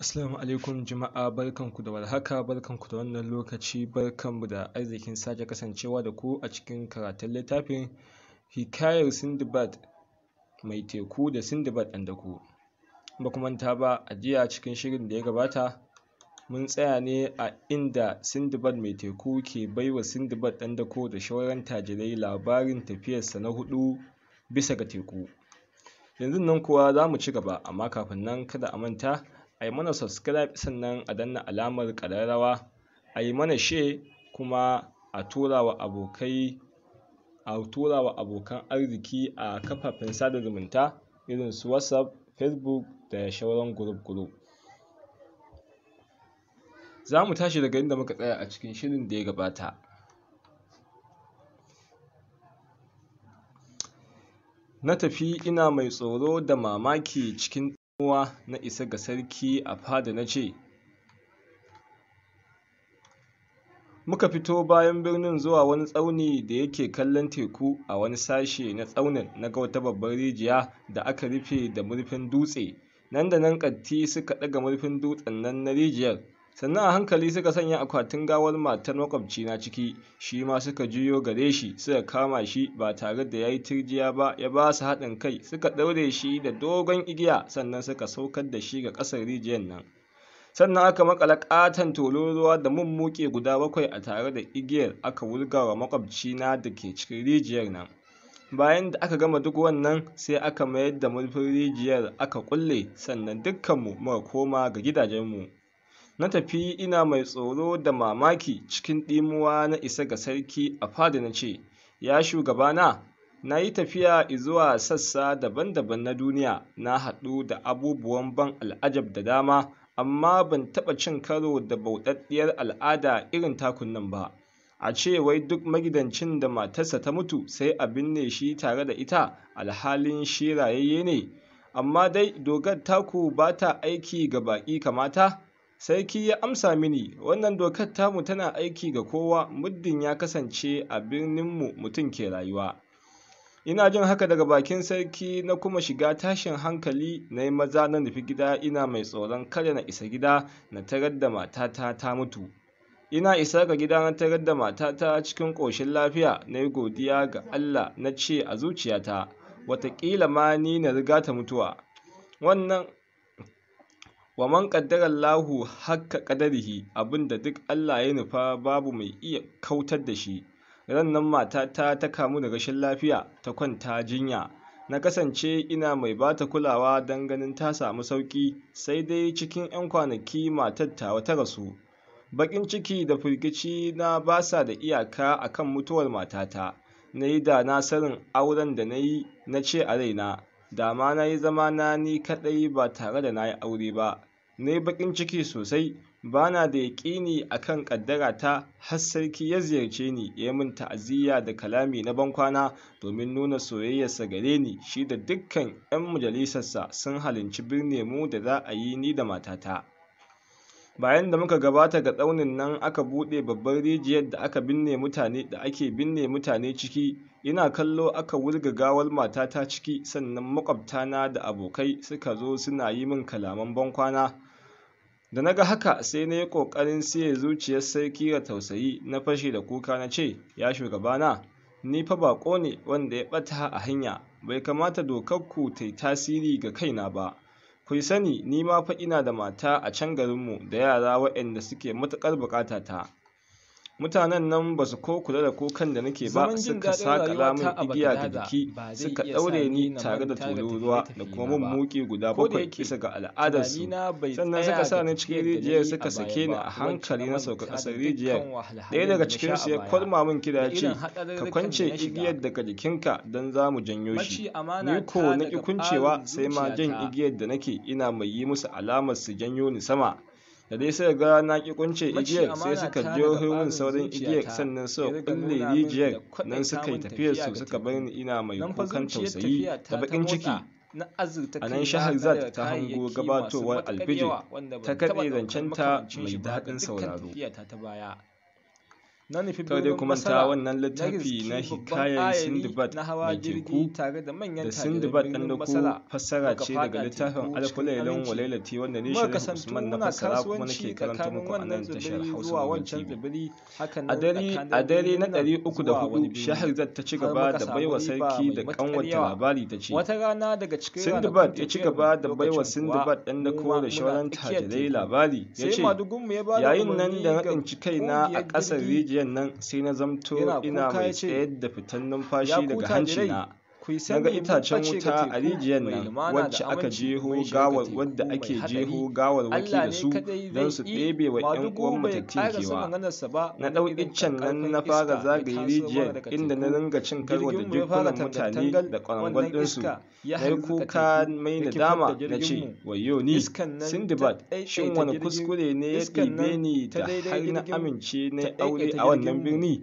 Assalamu alaikum jama'a barkanku da warhaka barkanku da wannan lokaci barkanmu da arzikin sake kasancewa da ku a cikin karatun littafin hikayar Sindbad mai teku da Sindbad ɗan daku. Ba kuma manta ba a jiya cikin shirin da ya gabata mun tsaya ne a inda Sindbad mai teku ke baiwa Sindbad ɗan daku da shauran tajirai labarin tafiyarsa na hudu bisa ga teku. Yanzu nan kuwa za mu ci gaba amma kafin nan kada a manta a yi mana subscribe sannan a danna alamar ƙararrawa a yi mana share kuma a tura wa abokai a tura wa abokan arziki a kafafen sadar zumunta irin su whatsapp facebook da shauran group group za mu tashi daga inda muka tsaya a cikin shirin da ya gabata na tafi ina mai tsoro da mamaki cikin muwa na isa ga sarki a fada na ce, Muka fito bayan birnin zuwa wani tsauni da yake kallon teku a wani sashe na tsaunin na ga wata babbar rijiya da aka rufe da murfin dutse, nan da nan ƙatti suka ɗaga murfin dutsen nan na rijiyar. sannan a hankali suka sanya akwatin gawar matar makwabcina ciki shi ma suka juyo gare shi suka kama shi ba tare da ya yi turjiya ba ya ba su haɗin kai suka ɗaure shi da dogon igiya sannan suka saukar da shi ga ƙasar rijiyar nan sannan aka makala ƙaton tolon ruwa da mummuke guda bakwai a tare da igiyar aka wulga wa makwabcina da ke cikin rijiyar nan bayan da aka gama duk wannan sai aka mayar da murfin rijiyar aka kulle sannan dukkanmu muka koma ga gidajenmu na tafi ina mai tsoro da mamaki cikin ɗimuwa na isa ga sarki a fada na ce ya shugabana na yi tafiya zuwa sassa daban-daban na duniya na haɗu da abubuwan ban al'ajab da dama amma ban taɓa cin karo da bauɗaɗɗiyar al'ada irin takun nan ba a ce wai duk magidancin da matarsa ta mutu sai a binne shi tare da ita alhalin shi ne amma dai dogar taku ba ta aiki ga baƙi kamata Sarki ya amsa mini, wannan dokar tamu tana aiki ga kowa muddin ya kasance a birninmu mutum ke rayuwa. Ina jin haka daga bakin sarki na kuma shiga tashin hankali na yi maza na nufi gida ina mai tsoron kada na isa gida na tarar da matata ta mutu. Ina isa ga gida na tarar da matata cikin ƙoshin lafiya na yi godiya ga Allah na ce a zuciyata, wataƙila ma ni na riga ta mutuwa. Wannan wa man Allahu hakka qadarihi abinda duk Allah ya nufa babu mai iya kautar da shi nan matata ta kamu da rashin lafiya ta kwanta jinya na kasance ina mai bata kulawa dan ganin ta samu sauƙi sai dai cikin 'yan kwanaki matar ta ta rasu baƙin ciki da firgici na basa da iyaka akan mutuwar matata na yi da na sanin auren da na yi na ce a raina da ma na yi zamana ni kaɗai ba tare da na yi aure ba na yi baƙin ciki sosai ba na da yaƙini a kan ƙaddarata har sarki ya ziyarce ni ya min ta'aziyya da kalami na bankwana domin nuna soyayyarsa gare ni shi da dukkan 'yan majalisarsa sun halinci birne mu da za a yi ni da matata bayan da muka gabata ga tsaunin nan aka buɗe babbar rijiyar da aka binne mutane da ake binne mutane ciki ina kallo aka wurga gawar matata ciki sannan makwabtana da abokai suka zo suna yi min kalaman bankwana Da na ga haka sai na yi ƙoƙarin siye zuciyar sarki ga tausayi na fashi da kuka na ce, Ya shugabana, ni fa baƙo ne wanda ya ɓata a hanya, bai kamata dokarku ta yi tasiri ga kaina ba. Ku yi sani, ni ma fa ina da mata a can garinmu da yara waɗanda suke matuƙar ta. mutanen nan ba su ko kula da kukan da nake ba suka saka lamun igiya da jiki suka daure ni tare da tururuwa da kuma mun muki guda bakwai kisa ga al'adarsu sannan suka sa ni cikin rijiyar suka sake ni a hankali na sauka ƙasar rijiyar ɗaya daga cikin su ya kwalma min kira ya ce ka kwance igiyar daga jikinka don za mu janyo shi ni ko na ƙi kuncewa sai ma jan igiyar da nake ina mai yi musu alamar su janyo ni sama da dai suka ga na ki kunce igiyar sai suka je hurmin saurin igiyar sannan suka kulle rijiyar nan suka yi tafiyar su suka bar ni ina mai kukan tausayi da bakin ciki a nan shahar ta hango gabatowar alfijir ta kaɗe zancenta mai daɗin sauraro ta dai kuma ta wannan littafi na hikayar sindbad mai teku da sindbad ɗan dako fassara ce daga littafin alkulailan walailati wanda ne shirin usman na fassara kuma nake karanta muku a nan tashar hausa a dare na ɗari uku da hudu shaharzad ta ci gaba da baiwa sarki da kanwata labari ta ce sindbad ya ci gaba da baiwa sindbad ɗan dako da shawaran tajirai labari ya ce yayin nan da na cikai na a ƙasar rijiya gajiyan nan sai na zamto ina mai tsayar da fitan numfashi daga hancina naga itacen wuta a rijiyar nan wacce aka jeho gawar wadda ake jeho gawar waki da su don su ɗebe wa 'yan uwan matattun kewa na ɗau iccen nan na fara zagaye rijiyar inda na ringa cin karwa da dukkanin mutane da ƙwarangwal ɗinsu na yi kuka mai da dama na ce wayo ni Sindibad? shin wani kuskure ne ya ɗibe ni da har na amince na aure a wannan birni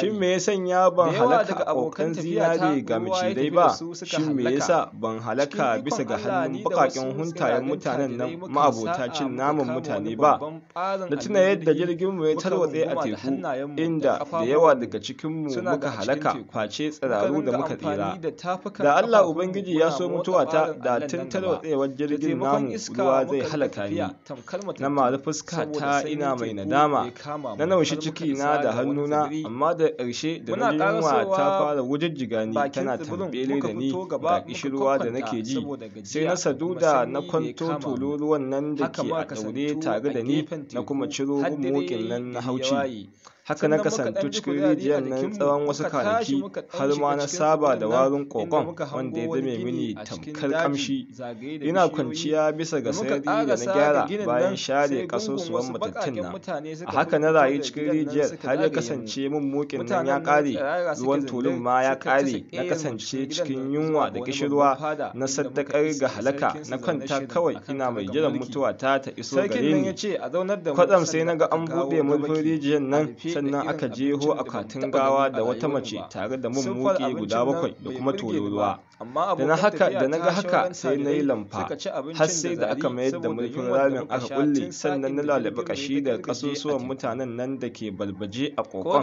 shin me ya sanya ban halaka abokan zinare ga mace dai ba shin me yasa ban halaka bisa ga hannun bakaken huntayen mutanen nan ma'abota cin naman mutane ba da tuna yadda jirgin mu ya tarwatse a teku inda da yawa daga cikin mu muka halaka face tsiraru da muka tsira da Allah ubangiji ya so mutuwa ta da tun tarwatsewar jirgin namu ruwa zai halaka ni na mara fuska ta ina mai nadama na naushi ciki na da hannuna amma da ƙarshe da na yunwa ta fara wujajjiga ni tana tambaya bele da ni ga kishirwa da nake ji sai na sadu da na kwanto tololuwan nan da ke a daure tare da ni na kuma ciro mokin nan na hauci haka na kasantu cikin rijiyar nan tsawon wasu kwanaki har ma na saba da warin kogon wanda ya zame mini tamkar kamshi ina kwanciya bisa ga sayar da na gyara bayan share kasusuwan matattun nan a haka na rayu cikin rijiyar har ya kasance mun mukin nan ya kare ruwan tulun ma ya kare na kasance cikin yunwa da kishirwa na saddakar ga halaka na kwanta kawai ina mai jiran mutuwa ta ta iso gare ni kwatsam sai na ga an buɗe murfin rijiyar nan sannan aka jeho akwatin gawa da wata mace tare da mun muke guda bakwai da kuma tururuwa da na haka da na ga haka sai na yi lamfa har sai da aka mayar da mulkin ramin aka kulle sannan na lalabi kashi da kasusuwan mutanen nan da ke balbaje a kokon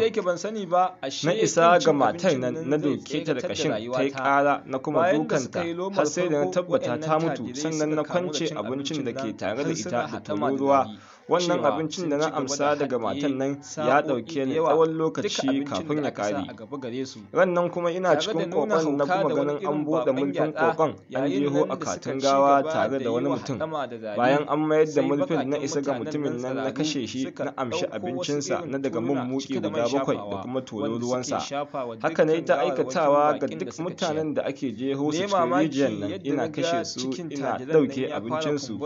na isa ga matar nan na doke ta da kashin ta yi kara na kuma dukanta har sai da na tabbata ta mutu sannan na kwance abincin da ke tare da ita da tururuwa wannan abincin da na amsa daga matan nan ya ɗauke ni tsawon lokaci kafin ya ƙare rannan kuma ina cikin kokon na kuma ganin an buɗe mulkin kokon an jeho a katin gawa tare da wani mutum bayan an mayar da mulkin na isa ga mutumin nan na kashe shi na amshi abincinsa na daga mun muki guda bakwai da kuma tolo ruwansa haka ne ta aikatawa ga duk mutanen da ake jeho su cikin rijiyar nan ina kashe su ina ɗauke abincinsu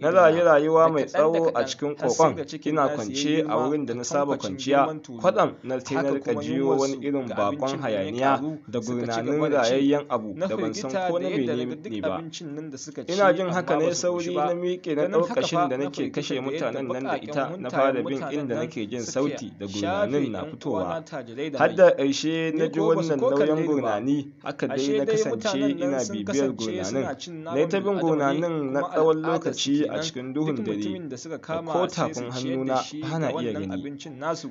na rayu rayuwa mai tsawo a cikin kokon ina kwance a wurin da na saba kwanciya kwadam na tainar ka jiyo wani irin bakon hayaniya da gurnanin rayayyen abu da ban san ko na ne ba ina jin haka ne sauri na miƙe na ɗaukashin da nake kashe mutanen nan da ita na fara bin inda nake jin sauti da gurnanin na fitowa har da ƙarshe na ji wannan nauyin gurnani haka dai na kasance ina bibiyar gurnanin na ta bin gurnanin na tsawon lokaci a cikin duhun dare ko tafin hannuna hana iya gani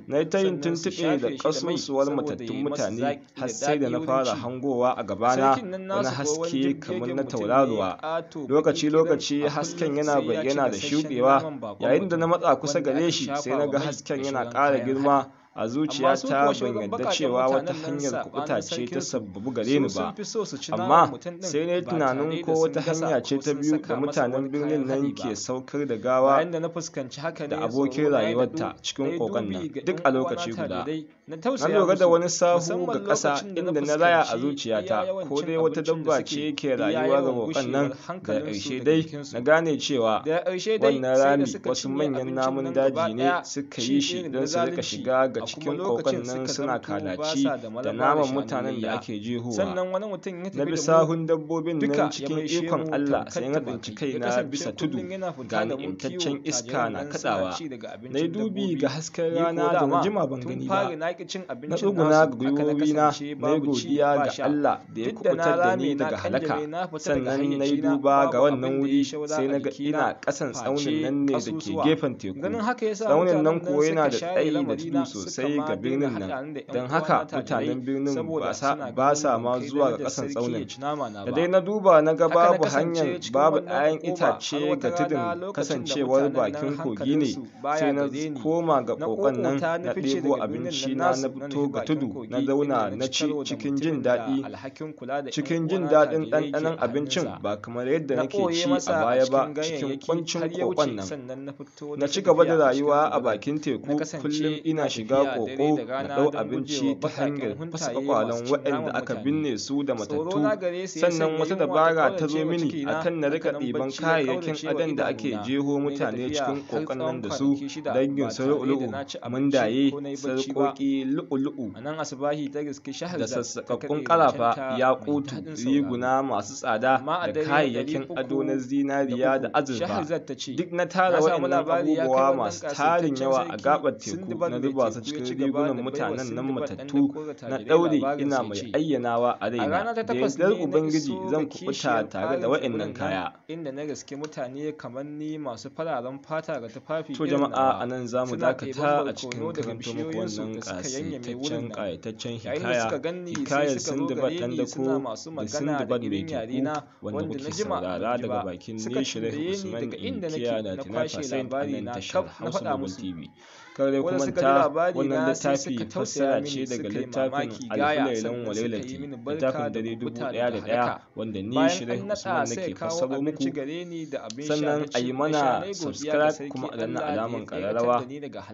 na yi ta yin tuntuɓe da ƙasusuwar matattun mutane har sai da na fara hangowa a gabana wani haske kamar na tauraruwa lokaci-lokaci hasken yana bayyana da shuɗewa yayin da na matsa kusa gare shi sai na ga hasken yana ƙara girma a zuciya ta ban cewa wata hanyar kuɓuta ce ta sababu gare ni ba amma sai na yi tunanin ko wata hanya ce ta biyu da mutanen birnin nan ke saukar da gawa da abokin rayuwarta cikin kokan nan duk a lokaci guda na lura da wani sahu ga ƙasa inda na raya a zuciyata ko dai wata dabba ce ke rayuwa ga bokan nan da ƙarshe dai na gane cewa wannan rami wasu manyan namun daji ne suka yi shi don su rika shiga ga cikin kokan nan suna kalaci da naman mutanen da ake jihuwa na bi sahun dabbobin nan cikin ikon Allah sai na tsinci kaina bisa tudu ga ni'imtaccen iska na kaɗawa na yi dubi ga hasken rana da na jima ban gani ba cin abincin nasu gwiwowi na na godiya ga Allah da ya kubutar da ni daga halaka sannan na yi duba ga wannan wuri sai na ga ina ƙasan tsaunin nan ne da ke gefen teku tsaunin nan kuwa yana da tsayi da tudu sosai ga birnin nan don haka mutanen birnin ba sa ma zuwa ga ƙasan tsaunin da dai na duba na ga babu hanyar babu 'ya'yan itace ga tudun kasancewar bakin kogi ne sai na koma ga kokon nan na ɗebo abinci na na fito ga tudu na zauna na ci cikin jin daɗi cikin jin daɗin ɗanɗanon abincin ba kamar yadda nake ci a baya ba cikin kwancin kokon nan na ci gaba da rayuwa a bakin teku kullum ina shiga koko na ɗau abinci ta hanyar fasa kwakwalen waɗanda aka binne su da matattu sannan wata dabara ta zo mini a kan na rika ɗiban kayayyakin adon da ake jeho mutane cikin kokon nan da su dangin su lu'ulu'u mundaye sarƙoƙi lu'ulu'u a nan asibahi ta gaske shahar da sassaƙaƙƙun ƙarafa ya ƙutu riguna masu tsada da kayayyakin ado na zinariya da azurfa duk na tara waɗannan abubuwa masu tarin yawa a gaɓar teku na zuba su cikin rigunan mutanen nan matattu na ɗaure ina mai ayyanawa a raina da yardar ubangiji zan kuɓuta tare da waɗannan kaya inda na gaske mutane kamar ni masu fararen fata ga tufafi to jama'a anan zamu dakata a cikin karantar muku wannan kasaitaccen ƙayataccen hikaya hikayar sun ɗan dako da sun sindbad mai teku wanda kuke saurara daga bakin ne nishir usman inkiya na tina fasain a nan tashar hausa nobel tv kare kuma ta wannan littafi fassara ce daga littafin alfulailan walailati littafin dare dubu daya da daya wanda ni shirin usman nake fassaro muku sannan a yi mana subscribe kuma a danna alaman kararrawa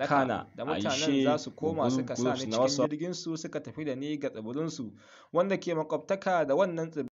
kana a yi shi groups na wasu wanda ke makwabtaka da wannan